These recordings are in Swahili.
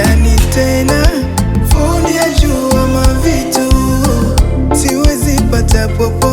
ndani tena, fundi ajua mavitu siwezi pata popote.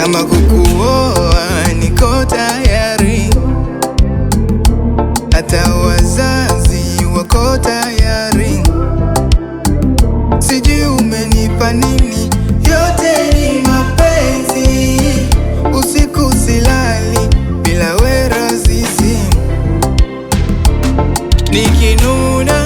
kama kukuoa niko tayari, hata wazazi wako tayari, sijui umenipa nini, yote ni mapenzi, usiku silali bila we Razizii nikinuna